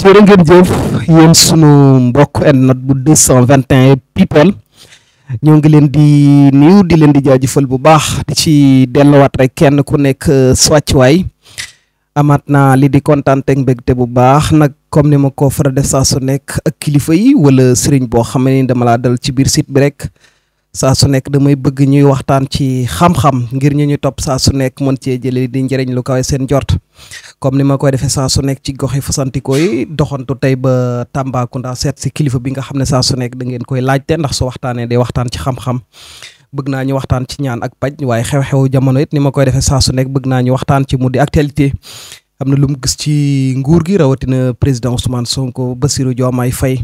jërë ngeen jëf sunu mbokk internet bu 221 people ñoo ngi leen di nuyu di leen di jaajëfal bu baax di ci delluwaat rek kenn ku nekk euh, swàccuwaay amaat naa li di kontaan ak mbégte bu baax nag comme ni ma ko faral def saa nekk ak kilifa yi wala sëriñ boo xam ne dama laa dal ci biir site bi rek saa su nekk damay bëgg ñuy waxtaan ci xam-xam ngir ñu ñu topp saa su nekk mën cee jëlee di njëriñ lu kawe seen jort comme ni ma koy defee saa su nekk ci gox yi fasantikoo doxantu tey ba Tambacounda seet si kilifa bi nga xam ne saa su nekk da ngeen koy laajte ndax su waxtaanee day waxtaan ci xam-xam bëgg naa ñu waxtaan ci ñaan ak paj waaye xew-xew jamono it ni ma koy defee saa su nekk bëgg naa ñu waxtaan ci mu di actualité am na lu mu gis ci nguur gi rawatina président Ousmane Sonko Bassirou Diomaye Faye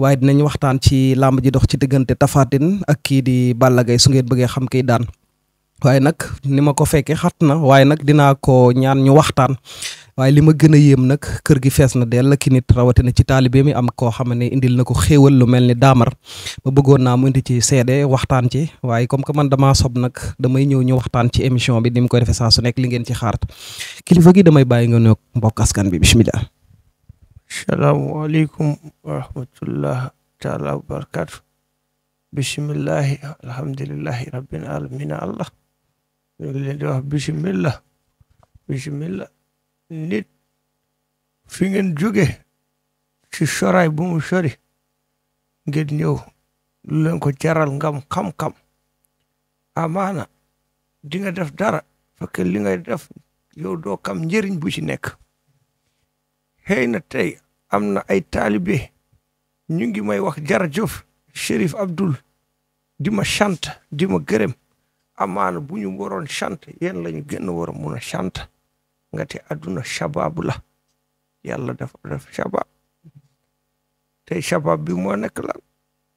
waaye dinañ waxtaan ci làmb ji dox ci diggante Tapha ak kii di Balla Gaye su ngeen bëggee xam kiy daan waaye nag ni ma ko fekkee xat na waaye nag dinaa ko ñaan ñu waxtaan waaye li ma gën a yéem nag kër gi fees na dell ki nit rawatina ci taalibe mi am koo xam ne indil na ko xéewal lu mel ni daamar ba bëggoon naa mu indi ci seede waxtaan ci waaye comme que man damaa sob nag damay ñëw ñu waxtaan ci émission bi ni mu koy defee saa su nekk li ngeen ci xaar kilifa gi damay bàyyi nga nuyoog mbokk askan bi bismillah salaamualeykum wa rahmatullah taala wa barakatu bisimillahi alhamdulilahi rabbil alamina allah ñu ngi nit fi ngeen jóge ci soraay bu mu sori ngeen ñëw leen ko jaral ngam xam-xam amaana di def dara fekk li ngay def yow doo kam njëriñ bu ci nekk xëy na tey am na ay taalibe ñu ngi may wax jërëjëf Chérif Abdoul di ma sant di ma gërëm amaana bu ñu waroon sant yéen lañu ñu gën mun a sant nga te adduna shabab la yàlla dafa def shabab tey shabab bi moo nekk lan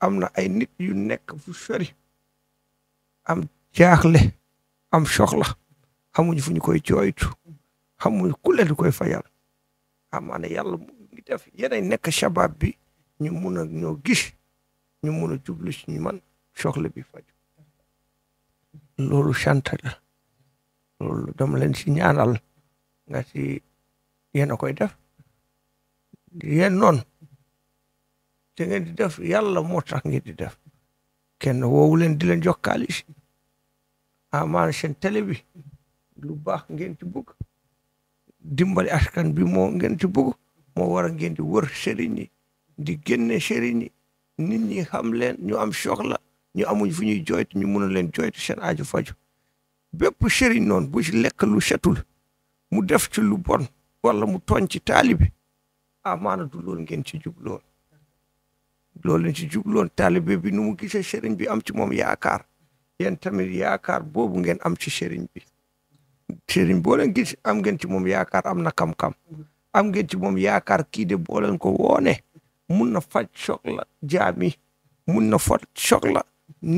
am na ay nit yu nekk fu sori am jaaxle am soxla xamuñ fu ñu koy jooytu xamuñ ku leen koy fayal amaana yàlla mu ngi def yéenay nekk shabab bi ñu mun a ñoo gis ñu mun a jublu ci ñu man soxla bi faju loolu sant loolu dama leen si ñaanal nga si yéen a koy def yéen noonu te ngeen di def yàlla moo tax ngeen di def kenn woowu leen di leen jox kaalis amaan seen télé bi lu baax ngeen ci bëgg dimbali askan bi moo ngeen ci bëgg moo war a ngeen di war sëriñ yi di génne sëriñ yi nit ñi xam leen ñu am soxla ñu amuñ fu ñuy jooytu ñu mun leen jooytu seen aju faju bépp sëriñ noon bu ci lekkalu lu setul mu def ci lu bon wala mu tooñ ci taalibi amaana du loolu ngeen ci jubloon loolu leen ci jubloon taalibe bi nu mu gisee sëriñ bi am ci moom yaakaar yéen tamit yaakaar boobu ngeen am ci sëriñ bi sëriñ boole leen gis am ngeen ci moom yaakaar am na kam-kam am ngeen ci moom yaakaar kii de boo leen ko woone mun na faj soxla jaami mun na faj soxla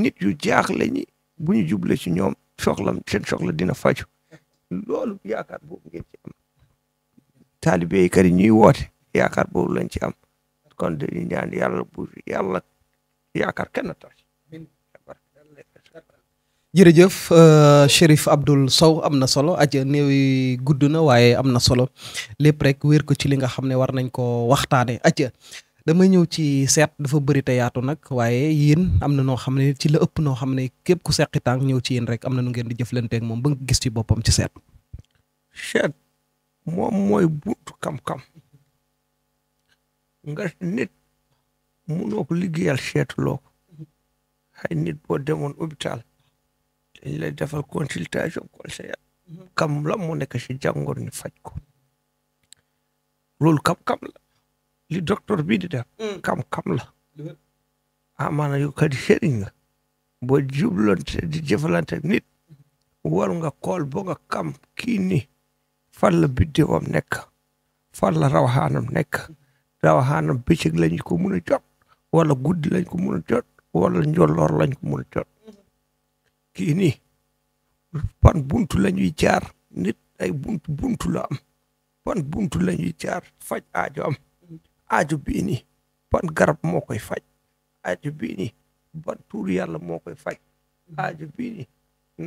nit yu jaaxle ñi bu juble ci ñoom soxlam seen soxla dina faju loolu yaakaar boobu ngeen ci am taalibe yi kër yi ñuy woote yaakaar boobu lañ ci am kon dañuy ñaan yàlla bu yàlla yaakaar kenn tas jërëjëf euh, Chérif Abdoul Sow am na solo aja néew gudd na waaye am na solo lépp rek wéer ko ci li nga xam ne war nañ ko waxtaane aja damay ñëw ci seet dafa bëri te yaatu nag waaye yéen am na noo xam ne ci la ëpp noo xam ne képp ku seqi tànk ñëw ci yéen rek am na nu ngeen di jëflanteeg moom ba nga gis ci boppam ci seet seet moom mooy buntu xam-xam nga nit munoo ko liggéeyal seetuloo ko xëy nit boo demoon hôpital dañ lay defal consultation conseil kam la mu nekk si jàngoor ñu faj ko loolu kam-kam la li docteur bii di def mm. kam-kam la mm-hmm. ah yu yow kadi sëriñ nga boo jublante di jëfalante nit war nga kool bo nga kam kii ni fan la biddewam nekk fan la rawaxaanam nekk rawaxaanam bëccëg lañ ko mun a jot wala guddi lañ ko mun a jot wala njolloor lañ ko mun jot mm-hmm. kii ban buntu la jaar nit ay buntu buntu la am ban buntu la ñuy jaar faj aajo am aajo biini nii garab moo koy faj aajo bii nii ban tuur yàlla moo koy faj aajo bii nii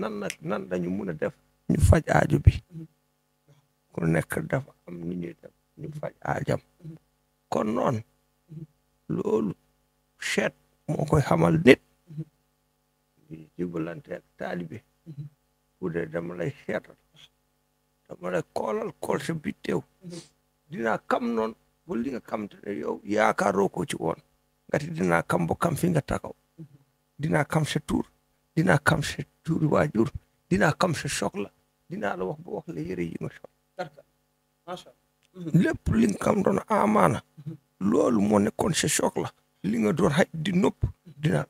nan nag nan mën a def ñu faj aajo bi kon nekk dafa am nu ñuy def ñu faj aajam kon noonu loolu chet moo koy xamal nit ñu jibalante ak taalibe ude dama lay seetal dama lay koolal kool sa bitteew kam noon ba li nga kam te yow yaakaaroo ko ci woon ngati dinaa kam bo kam fi nga takaw dinaa kam sa tuur dinaa kam sa tuuri waajur dinaa kam sa soxla dinaa la wax ba wax la yëre yi nga soxla mhm. lépp li nga kam doon amaana loolu moo nekkoon sa soxla li nga doon xaj di nopp dinaa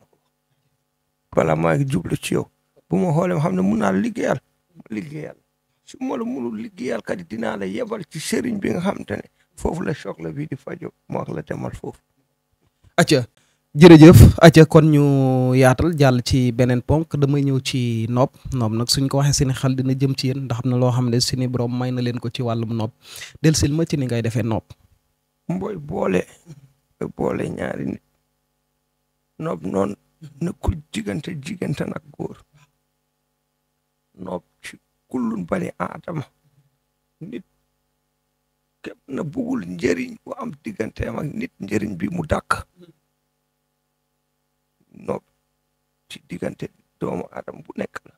la maa ngi jublu ci yow bu ma xoolee xam ne mun naa liggéeyal liggéeyal su ma la munul liggéeyal kadi dinaa la yebal ci sëriñ bi nga xam te ne foofu la soog la bii di fajo mu wax la demal foofu. acca jërëjëf acca kon ñu yaatal jàll ci beneen ponk damay ñëw ci nopp nopp nag suñ ko waxee seen xel dina jëm ci yéen ndaxam ne loo xam ne suñu borom may na leen ko ci wàllum nopp dellusil ma ci ni ngay defee nopp. mboy boole boole ñaari nit nopp noonu nekkul jigante jigante nag góor. noob ci kullun bani aadama nit képp na bugul njëriñ bu am digganteem ak nit njëriñ bi mu dàkk noob ci diggante doomu aadama bu nekk la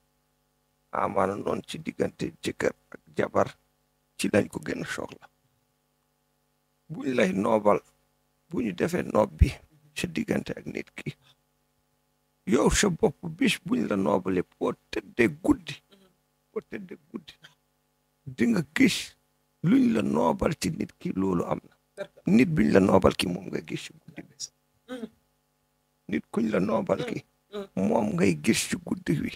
amaana noonu ci diggante jëkkër ak jabar ci lañ ko gën soxla buñ lay noobal bu ñu defee noob bi sa diggante ak nit ki yow sa bopp bis buñ la noobalee boo tëddee guddi ko tëdd guddi di gis luñ la noobal ci nit ki loolu am na nit biñ la noobal ki moom ngay gis ci guddi bi nit kuñ la noobal ki moom ngay gis ci guddi bi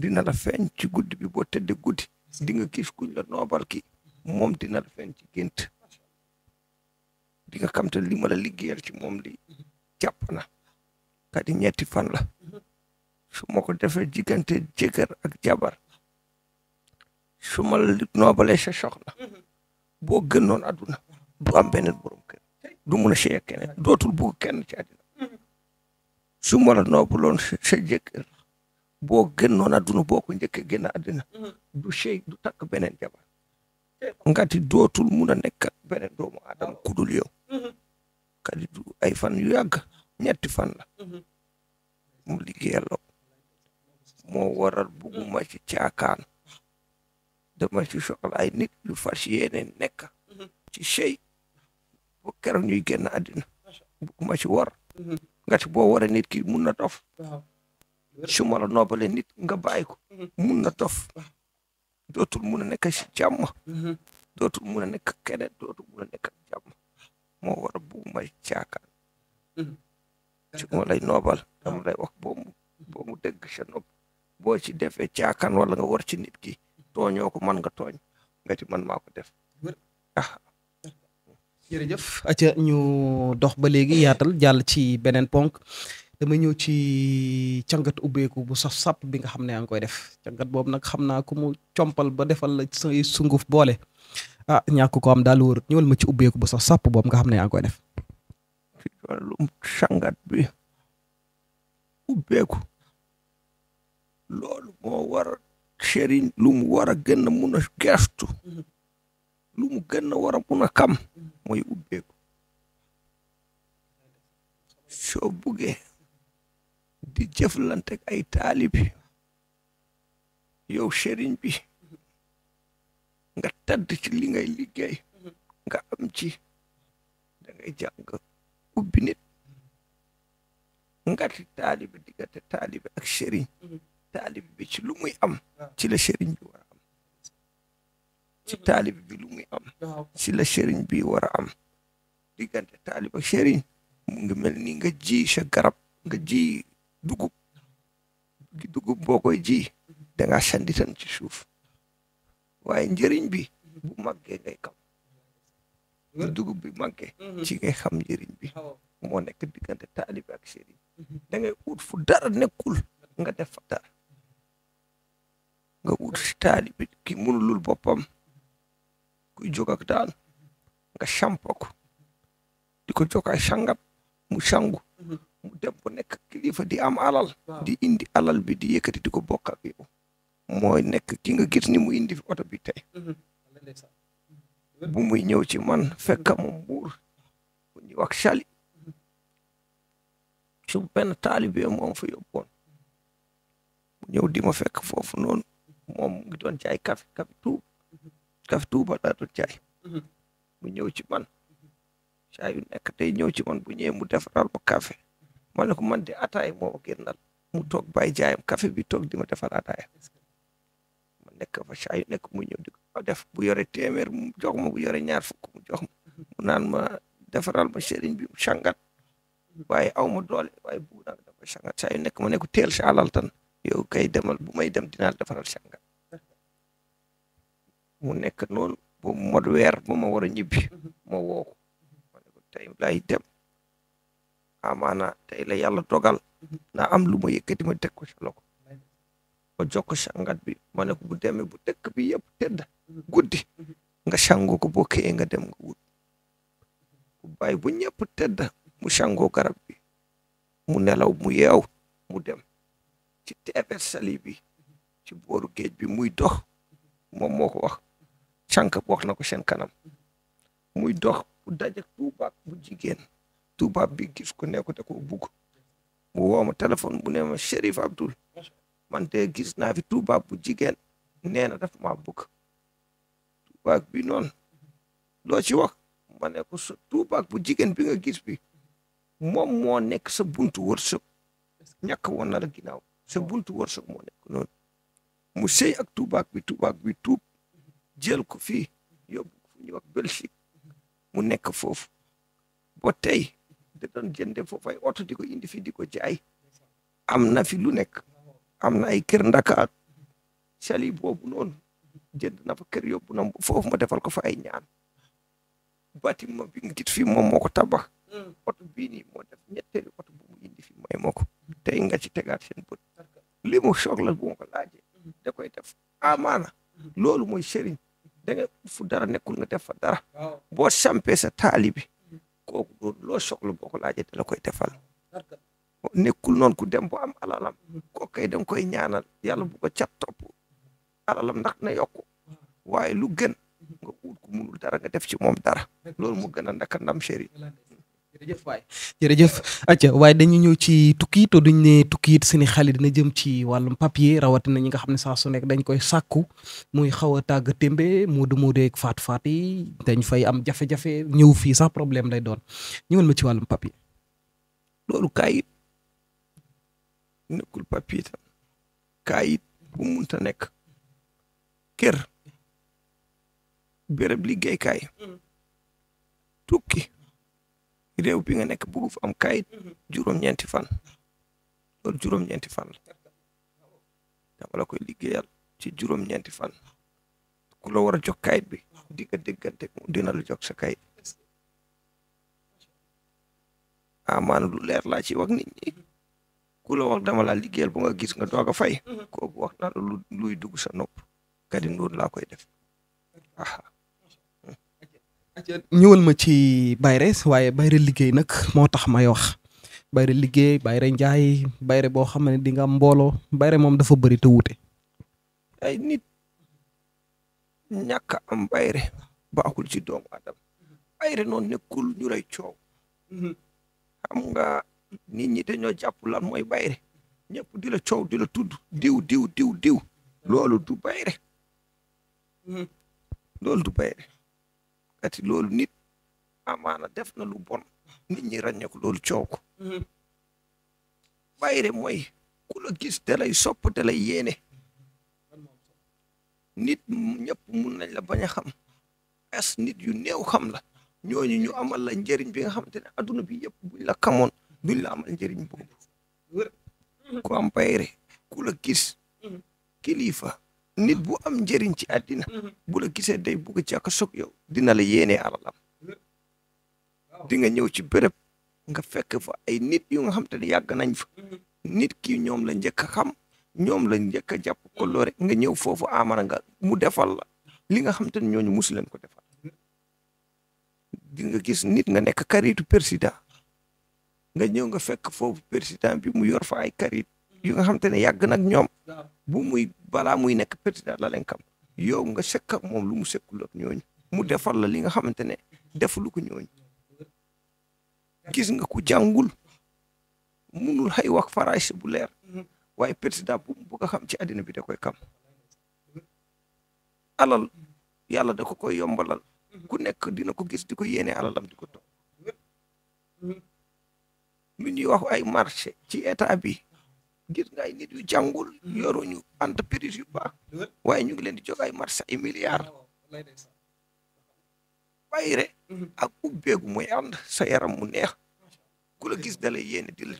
dina la feeñ ci guddi bi boo tëdd guddi dinga nga gis kuñ la noobal ki moom dina feeñ ci gént di nga xam te ma la liggéeyal ci moom di jàpp na kadi ñetti fan la su ma ko defee diggante jëkkër ak jabar su ma noobalee sa soxna boo gënoon àdduna du am beneen borom kër du mun a séy ak keneen dootul bugg kenn ci àddina su ma la sa jëkkër boo gënoon àdduna boo ko njëkkee génn àddina du séy du takk beneen jabar ngati dootul mun a nekk ak beneen doomu aadama ku dul yow kadi du ay fan yu yàgg ñetti fan la mu liggéeyal la moo waral bugguma ci caakaan dama ci soxla nit yu fas yéene nekk mhm. ci sey bu keroog ñuy génn àddina bugguma ci war mhm. nga ci boo waree nit ki mun na dof su ma la noobale nit nga bàyyi ko mhm. mun tof dootul mun a nekk ci jàmm dootul mun a keneen dootul mun a nekk jàmm moo waral bugguma ci caakaan su ma lay dama lay boomu boomu dégg sa boo ci defee caakan wala nga war ci nit ki tooñoo ko man nga tooñ nga ci man maa ko def ah. jërëjëf ca ñu dox ba léegi yaatal jàll ci beneen ponk dama ñëw ci cangat ubbeeku bu saf sap bi nga xam ne yaa ngi koy def càngat boobu nag xam naa ku mu compal ba defal la say sunguf boole ah ñàkk ko am daal wóor ñëwal ma ci ubbeeku bu saf sàpp boobu nga xam ne yaa ngi koy def. bi ubbeeku loolu moo war a sëriñ lu mu war a gën a mun a gestu lu mu gën a war a mun a xam mooy ubbeeku soo di jëflante ak ay taalibi yow sëriñ bi nga tàdd ci li ngay liggéey nga am ci da ngay jàng ubbi nit nga taalibi diggante taalibi ak sëriñ taalib bi ci lu muy am ah. ci la sëriñ bi war a am ci taalib bi lu muy am ah, ci la sëriñ bi war a am diggante taalib ak sëriñ mu ngi mel ni nga ji sa garab nga ji dugub dugub boo koy ji danga sanditan ci suuf waaye njëriñ bi bu màggee ngay xam bu dugub bi màggee mhm. ci ngay xam njëriñ bi ah, moo nekk diggante taalib ak sëriñ mhm. da ngay ut fu dara nga def fa nga wut taalibe ki mënulul boppam kuy jóg ak daal nga champo ko di ko jox ay mu sangu mu dem bu kilifa di am alal di indi alal bi di yëkkati di ko bokk ak mooy nekk ki nga gis ni mu indi fi oto bi tey mhm. mhm. bu muy ñëw ci man fekk mu mbuur bu ñuy wax sali mhm. su benn taalibe moom fa yóbboon mu ñëw dima ma fekk foofu noonu moom ngi doon jaay kafe kafe tuub kafe tuuba jaay mu ñëw ci man saa yu nekk day ñëw ci man bu ñëwee mu defaral ma kafe ma ne ko man de ataay moo ma génnal mu toog bàyyi jaayam kafe bi toog di ma defal ataaya ma nekk fa saa yu mu ñëw di def bu yore téeméer mu ma bu yore ñaar fukk mu jox mu naan ma defaral ma sëriñ bi mu sangat waaye aw ma doole waaye bu naa dafa sangat saa yu nekk ma ne ko teel sa tan yow kay demal bu may dem dinaal defaral sangat mu nekk noonu bu mot weer bu ma war a ñibbi mhm. ma woo ma ne ko tey lay dem amaana tey la yàlla dogal mhm. na am lu ma yëkkati ma teg ko sa loxo ma jox ko sangat bi ma ne ko bu demee bu dëkk bi yëpp tëdd mhm. sangoo ko boo nga dem nga bu ñëpp tëdd mu sangoo garab bi mu nelaw mu yeew mu dem ci teefes sali bi ci booru géej bi muy dox moom moo ko wax cànk wax na ko seen kanam muy dox daje tuubaab bu jigéen tuubaab bi gis ko ne ko te ko bugg mu bu ne ma Cherif Abdoul man de gis naa fi tuubaab bu jigéen nee na daf maa bugg bi noonu loo ci ma ne ko sa bu jigéen bi nga gis bi moom moo nekk sa buntu wërsëg ñàkk woon na la ginnaaw sa buntu wërsëg moo nekk noonu mu sëy ak tuubaab bi tuubaab bi tuub jël ko fii yóbbu fu ñuy wax mu nekk foofu ba tey da doon jënde foofu ay oto di ko indi fii di ko am na lu nekk am na ay kër Ndakaar sali boobu noonu jënd na fa kër yóbbu na foofu ma defal ko fa ay ñaan bâtiment bi nga gis fii moom moo ko tabax oto bii nii moo def ñetteelu oto bu mu indi fii mooy moo ko tey nga ci tegaat seen bët li mu soxla ko laajee da koy def amaana loolu mooy sëriñ da nga fu dara nekkul nga def fa dara boo sampee sa taalibi kooku loolu loo soxla boo ko laajee la koy defal nekkul noonu ku dem bu am alalam koo kay da nga koy ñaanal yàlla bu ko cat topp alalam ndax na yokku waaye lu gën nga uut ku munul dara nga def ci moom dara loolu mu gën a ndaka ndam sëriñ jërëjëf jërëjëf acca waaye dañu ñëw ci tukki te duñ ne tukkiit it seeni xel dina jëm ci wàllum papier rawatina ñi nga xam ne saa su nekk dañ koy sàkku muy xaw a tàgg témbe moodu moodu faat faat yi dañ fay am jafe-jafe ñëw fii sax problème lay doon ñëwal ma ci wàllum papier loolu kaayit nekkul papier tam kaayit bu munta nekk kër béréb liggéeykaay mm. tukki réew bi nga nekk bëgg fa am kayit mhm. juróom-ñeenti fan loolu juróom-ñeenti fan la dama la koy liggéeyal ci juróom-ñeenti fan ku la war a jox kayit bi di nga déggante dina la jox sa kayit amaan lu leer laa ci wax nit ñi ku dama laa liggéeyal bu nga gis nga doog a fay mhm. kooku wax lu luy dugg sa nopp kadi noonu laa koy def ñëwal ma ci Bayre waaye Bayre liggéey nag moo tax may wax Bayre liggéey Bayre njaay Bayre boo xam ne dinga nga am mbooloo Bayre moom dafa bari te wuute. ay nit ñàkk am Bayre baaxul ci doomu adam Bayre noonu nekkul ñu lay coow. Mhm. xam nga nit ñi dañoo jàpp lan mooy Bayre ñëpp di la coow di la tudd diw diw diw diw mhm. loolu du Bayre mhm. loolu du Bayre. ati loolu nit amaana def na lu bon nit ñi ràññee loolu coow ko bayre mhm. mooy ku la gis da lay sopp da lay yéene nit ñëpp mun nañ la bañ a xam as nit yu néew xam la ñooñu ñu amal la njëriñ bi nga xamante ne adduna bi yëpp buñ la xamoon duñ la amal njëriñ boobu ku am bayre ku la gis mhm. kilifa nit bu am njëriñ ci àddina mhm. bu la gisee day bugg jàkka soog yow dina la yéenee alalam di nga ñëw ci béréb nga fekk fa ay nit yu nga xam te ne yàgg nañ fa mhm. nit ki ñoom la njëkk a xam ñoom la njëkk a jàpp kolloore nga ñëw foofu amara nga mu defal la li nga xam te ñooñu musu leen ko defal di nga gis nit nga nekk karitu président nga ñëw nga fekk foofu président bi mu yor fa ay karit yu nga xam te ne yàgg nag ñoom bu muy balaa muy nekk président la leen kam yow nga sekk moom lu mu sekkul ak ñooñu mu defal la li nga xamante ne defulu ko ñooñu gis nga ku jàngul munul xay wax faraas bu leer mhm. waaye président bu mu bëgg xam ci àddina bi da koy kam da ko koy yombalal mhm. ku nekk dina ko gis di ko yéene alalam di ko toog mhm. lu ñuy wax ay marché ci état bi gis nga ay nit yu jàngul ñu entreprise yu baax waaye ñu ngi leen di jox ay marché ay milliards bàyyi rek ak ubbeegu mooy ànd sa yaram mu neex ku la gis dalay yéene di la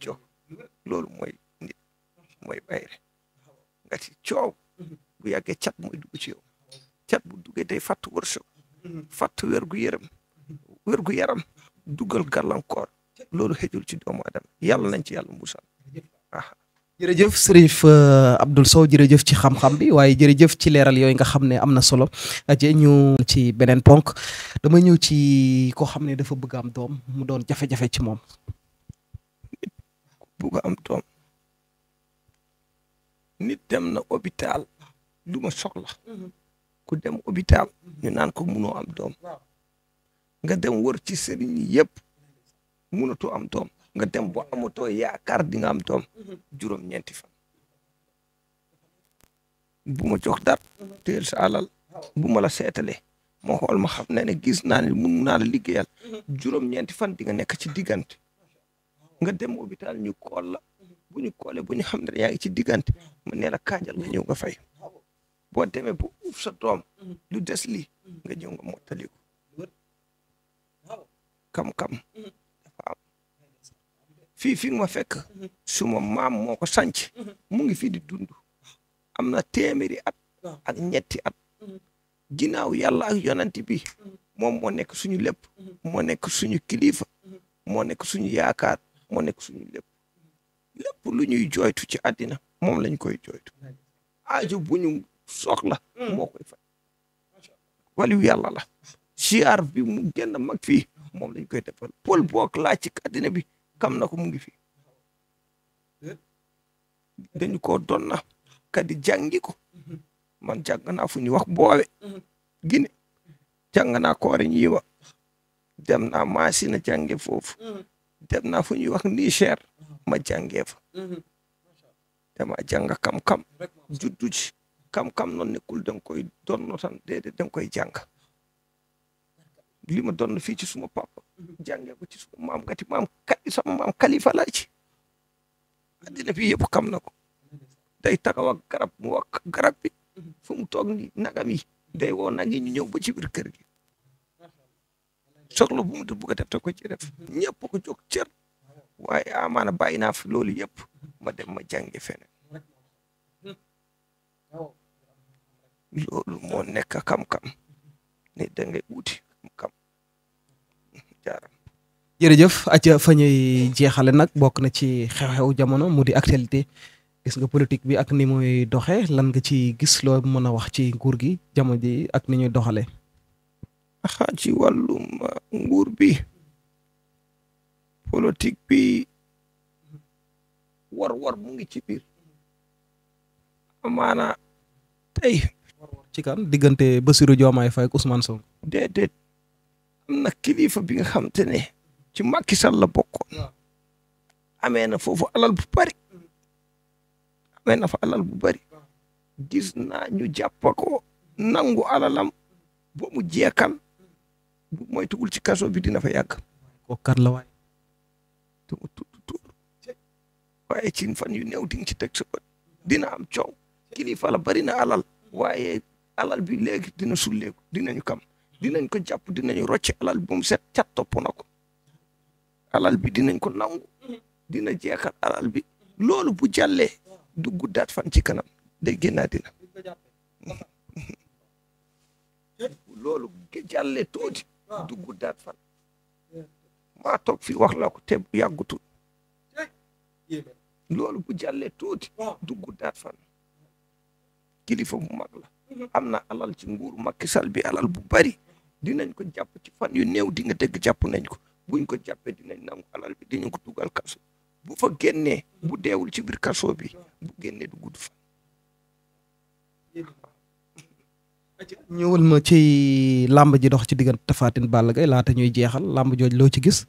loolu mooy nit mooy bàyyi nga ci coow bu yàggee cat mooy dugg ci yow cat bu duggee day fàtt wërsëg fàtt wergu gu yaram yaram duggal gàllankoor loolu xëjul ci doomu aadama yàlla nañ ci yàlla musal jërëjëf Serif euh, Abdoul Sow jërëjëf ci xamxam bi waaye jërëjëf ci leeral yooyu nga xam ne am na solo aje ñu ci beneen ponk dama ñëw ci koo xam ne dafa bëgg am doom mu doon jafe-jafe ci moom. bëgg am doom nit dem na hôpital lu ma soxla mhm. ku dem hôpital ñu naan ko munoo am doom nga dem wër ci sëriñ yëpp munatoo am doom. nga dem boo amatoo yaakaar di nga am doom mhm. juróom-ñeenti fan bu ma jox dara teel sa bu ma la seetalee moo xool ma xam ne ne gis naa ne mun naa liggéeyal mhm. juróom-ñeenti fan di nga nekk ci diggant nga dem hôpital ñu kool la bu ñu koolee bu ñu xam ne yaa ngi ci diggante ma nee la kaajal nga ñëw nga fay boo demee bu uuf sa doom mhm. lu des lii nga ñëw nga mottali kam kam fii fi ma fekk mhm. suma maam moo ko sanc mhm. mu ngi fii di dund am na téeméeri at ak ñetti at mhm. ginnaaw yàlla ak yonanti bi moom moo nekk suñu lépp moo nekk suñu kilifa moo nekk suñu yaakaar moo nekk suñu lépp lépp lu ñuy jooytu ci àddina moom lañ koy jooytu aaju bu ñu soxla moo koy faj waliw yàlla la siyaar bi mu génn mag fii moom lañ koy defal pol book laa ci bi kam na ko mu ngi fi dañu ko doon na kadi jàngi ko man jàng naa fu ñuy wax boowe Gine jàng naa koore ñiiwa dem naa Masina jànge foofu dem naa fu ñuy wax Niger ma jàngee fa dama jànga kam-kam juddu ji kam-kam noon nekkul danga koy donno tan déedéet danga koy jàng li ma doon fii ci suma papa jàngee ko ci suma maam gati maam kali sama maam kalifa laa ci yëpp xam na ko day taxaw ak garab mu wax garab bi fu mu toog yi day woo nag yi ñu ñëw ba ci biir kër gi soxla bu mu bugg te ko ci def ñëpp ko jóg cër waaye amaana bàyyi naa fi loolu yëpp ma dem ma jànge feneen loolu moo nekk xam-xam ne da ngay kam jaaram jërëjëf aca fa jeexale nag bokk na ci xew-xew jamono mu di actualité gis nga politique bi ak ni muy doxe lan nga ci gis loo mën a wax ci nguur gi jamono ji ak ni ñuy doxale aha ci wàllum uh, nguur bi politique bi war war mu ngi ci biir amaana tey ci kan diggante Bassirou Diomaye Faye ak Ousmane nag kilifa bi nga xam ne ci Macky Sall la bokkoon amee na foofu alal bu bari amee nafa alal bu bari gis naa ñu jàpp nangu alalam ba mu jeekal bu mooy ci kaso bi dina fa yàgg. waaye ci fan yu new di nga ci teg sa am coow kilifa bari na alal waaye alal bi léegi dina sulleeku dinañu kam. dinañ ko jàpp dinañ rocce alal bu set cat topp na ko alal bi dinañ ko nangu dina jeexal alal bi loolu bu jàllee du guddaat fan ci kanam day génnaa dina loolu jàllee tuuti du guddaat fan maa toog fii wax la ko te yàggutul loolu bu jàllee tuuti du guddaat fan kilifa bu mag la am na alal ci nguur Macky Sall bi alal bu bari dinañ ko jàpp ci fan yu néew di nga dégg jàpp nañ ko buñ ko jàppee dinañ nangu alal bi dinañ ko dugal kaso bu fa génnee bu deewul ci biir kaso bi bu génnee du gudd fan. ñëwal ma ci làmb ji dox ci diggante Tapha Tine Balla Gaye laata ñuy jeexal làmb jooj loo ci gis.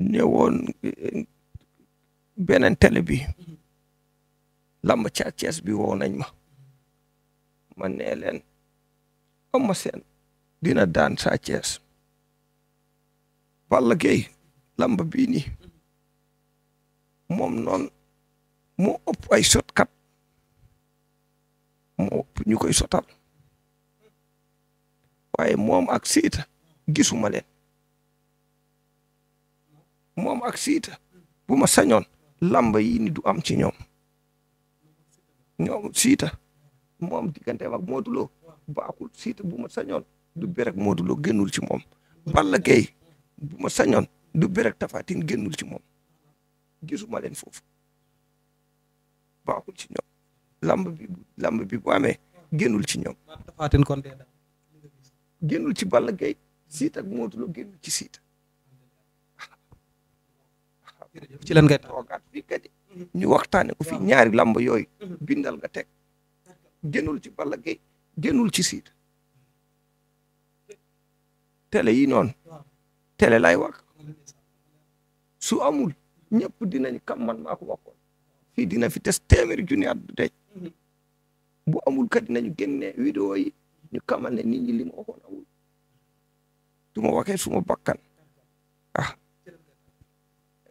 ne woon beneen télé bi làmb ca bi woo nañ ma ma nee leen seen dina daan Sa Thiès Balla Gaye lamba bii nii moom noonu moo ëpp ay sotkat moo ëpp ñu koy sotal waaye moom ak siita gisuma leen moom ak siita bu ma sañoon lamba yii du am ci ñoom ñoom siita moom diggante ak Modou Lo baaxul siita bu ma sañoon du berek Modou Lo génnul ci moom Balla Gaye bu ma sañoon du berek Tapha Tine génnul ci moom gisuma leen foofu baaxul ci ñoom lamb bi lamb bi bu amee génnul ci ñoom Tapha Tine ci Balla Gaye Siteu ak Modou Lo génnul ci Siteu ko ñaari lamb yooyu ci Balla tele yi noonu télé lay wax su amul ñëpp dinañ kam man maa ko waxoon fii dina fi tes téeméeri junni at du tey amul kat dinañu génne vidéo yi ñu kamal ne nit ñi li ma amul du ma waxee suma bakkan ah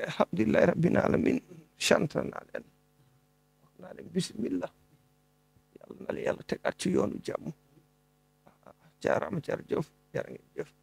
alhamdulilahi rabbil alamin chanta naa leen wax naa bismillah yàlla na ci yoonu jàmm ah, jaaraama jërëjëf jërë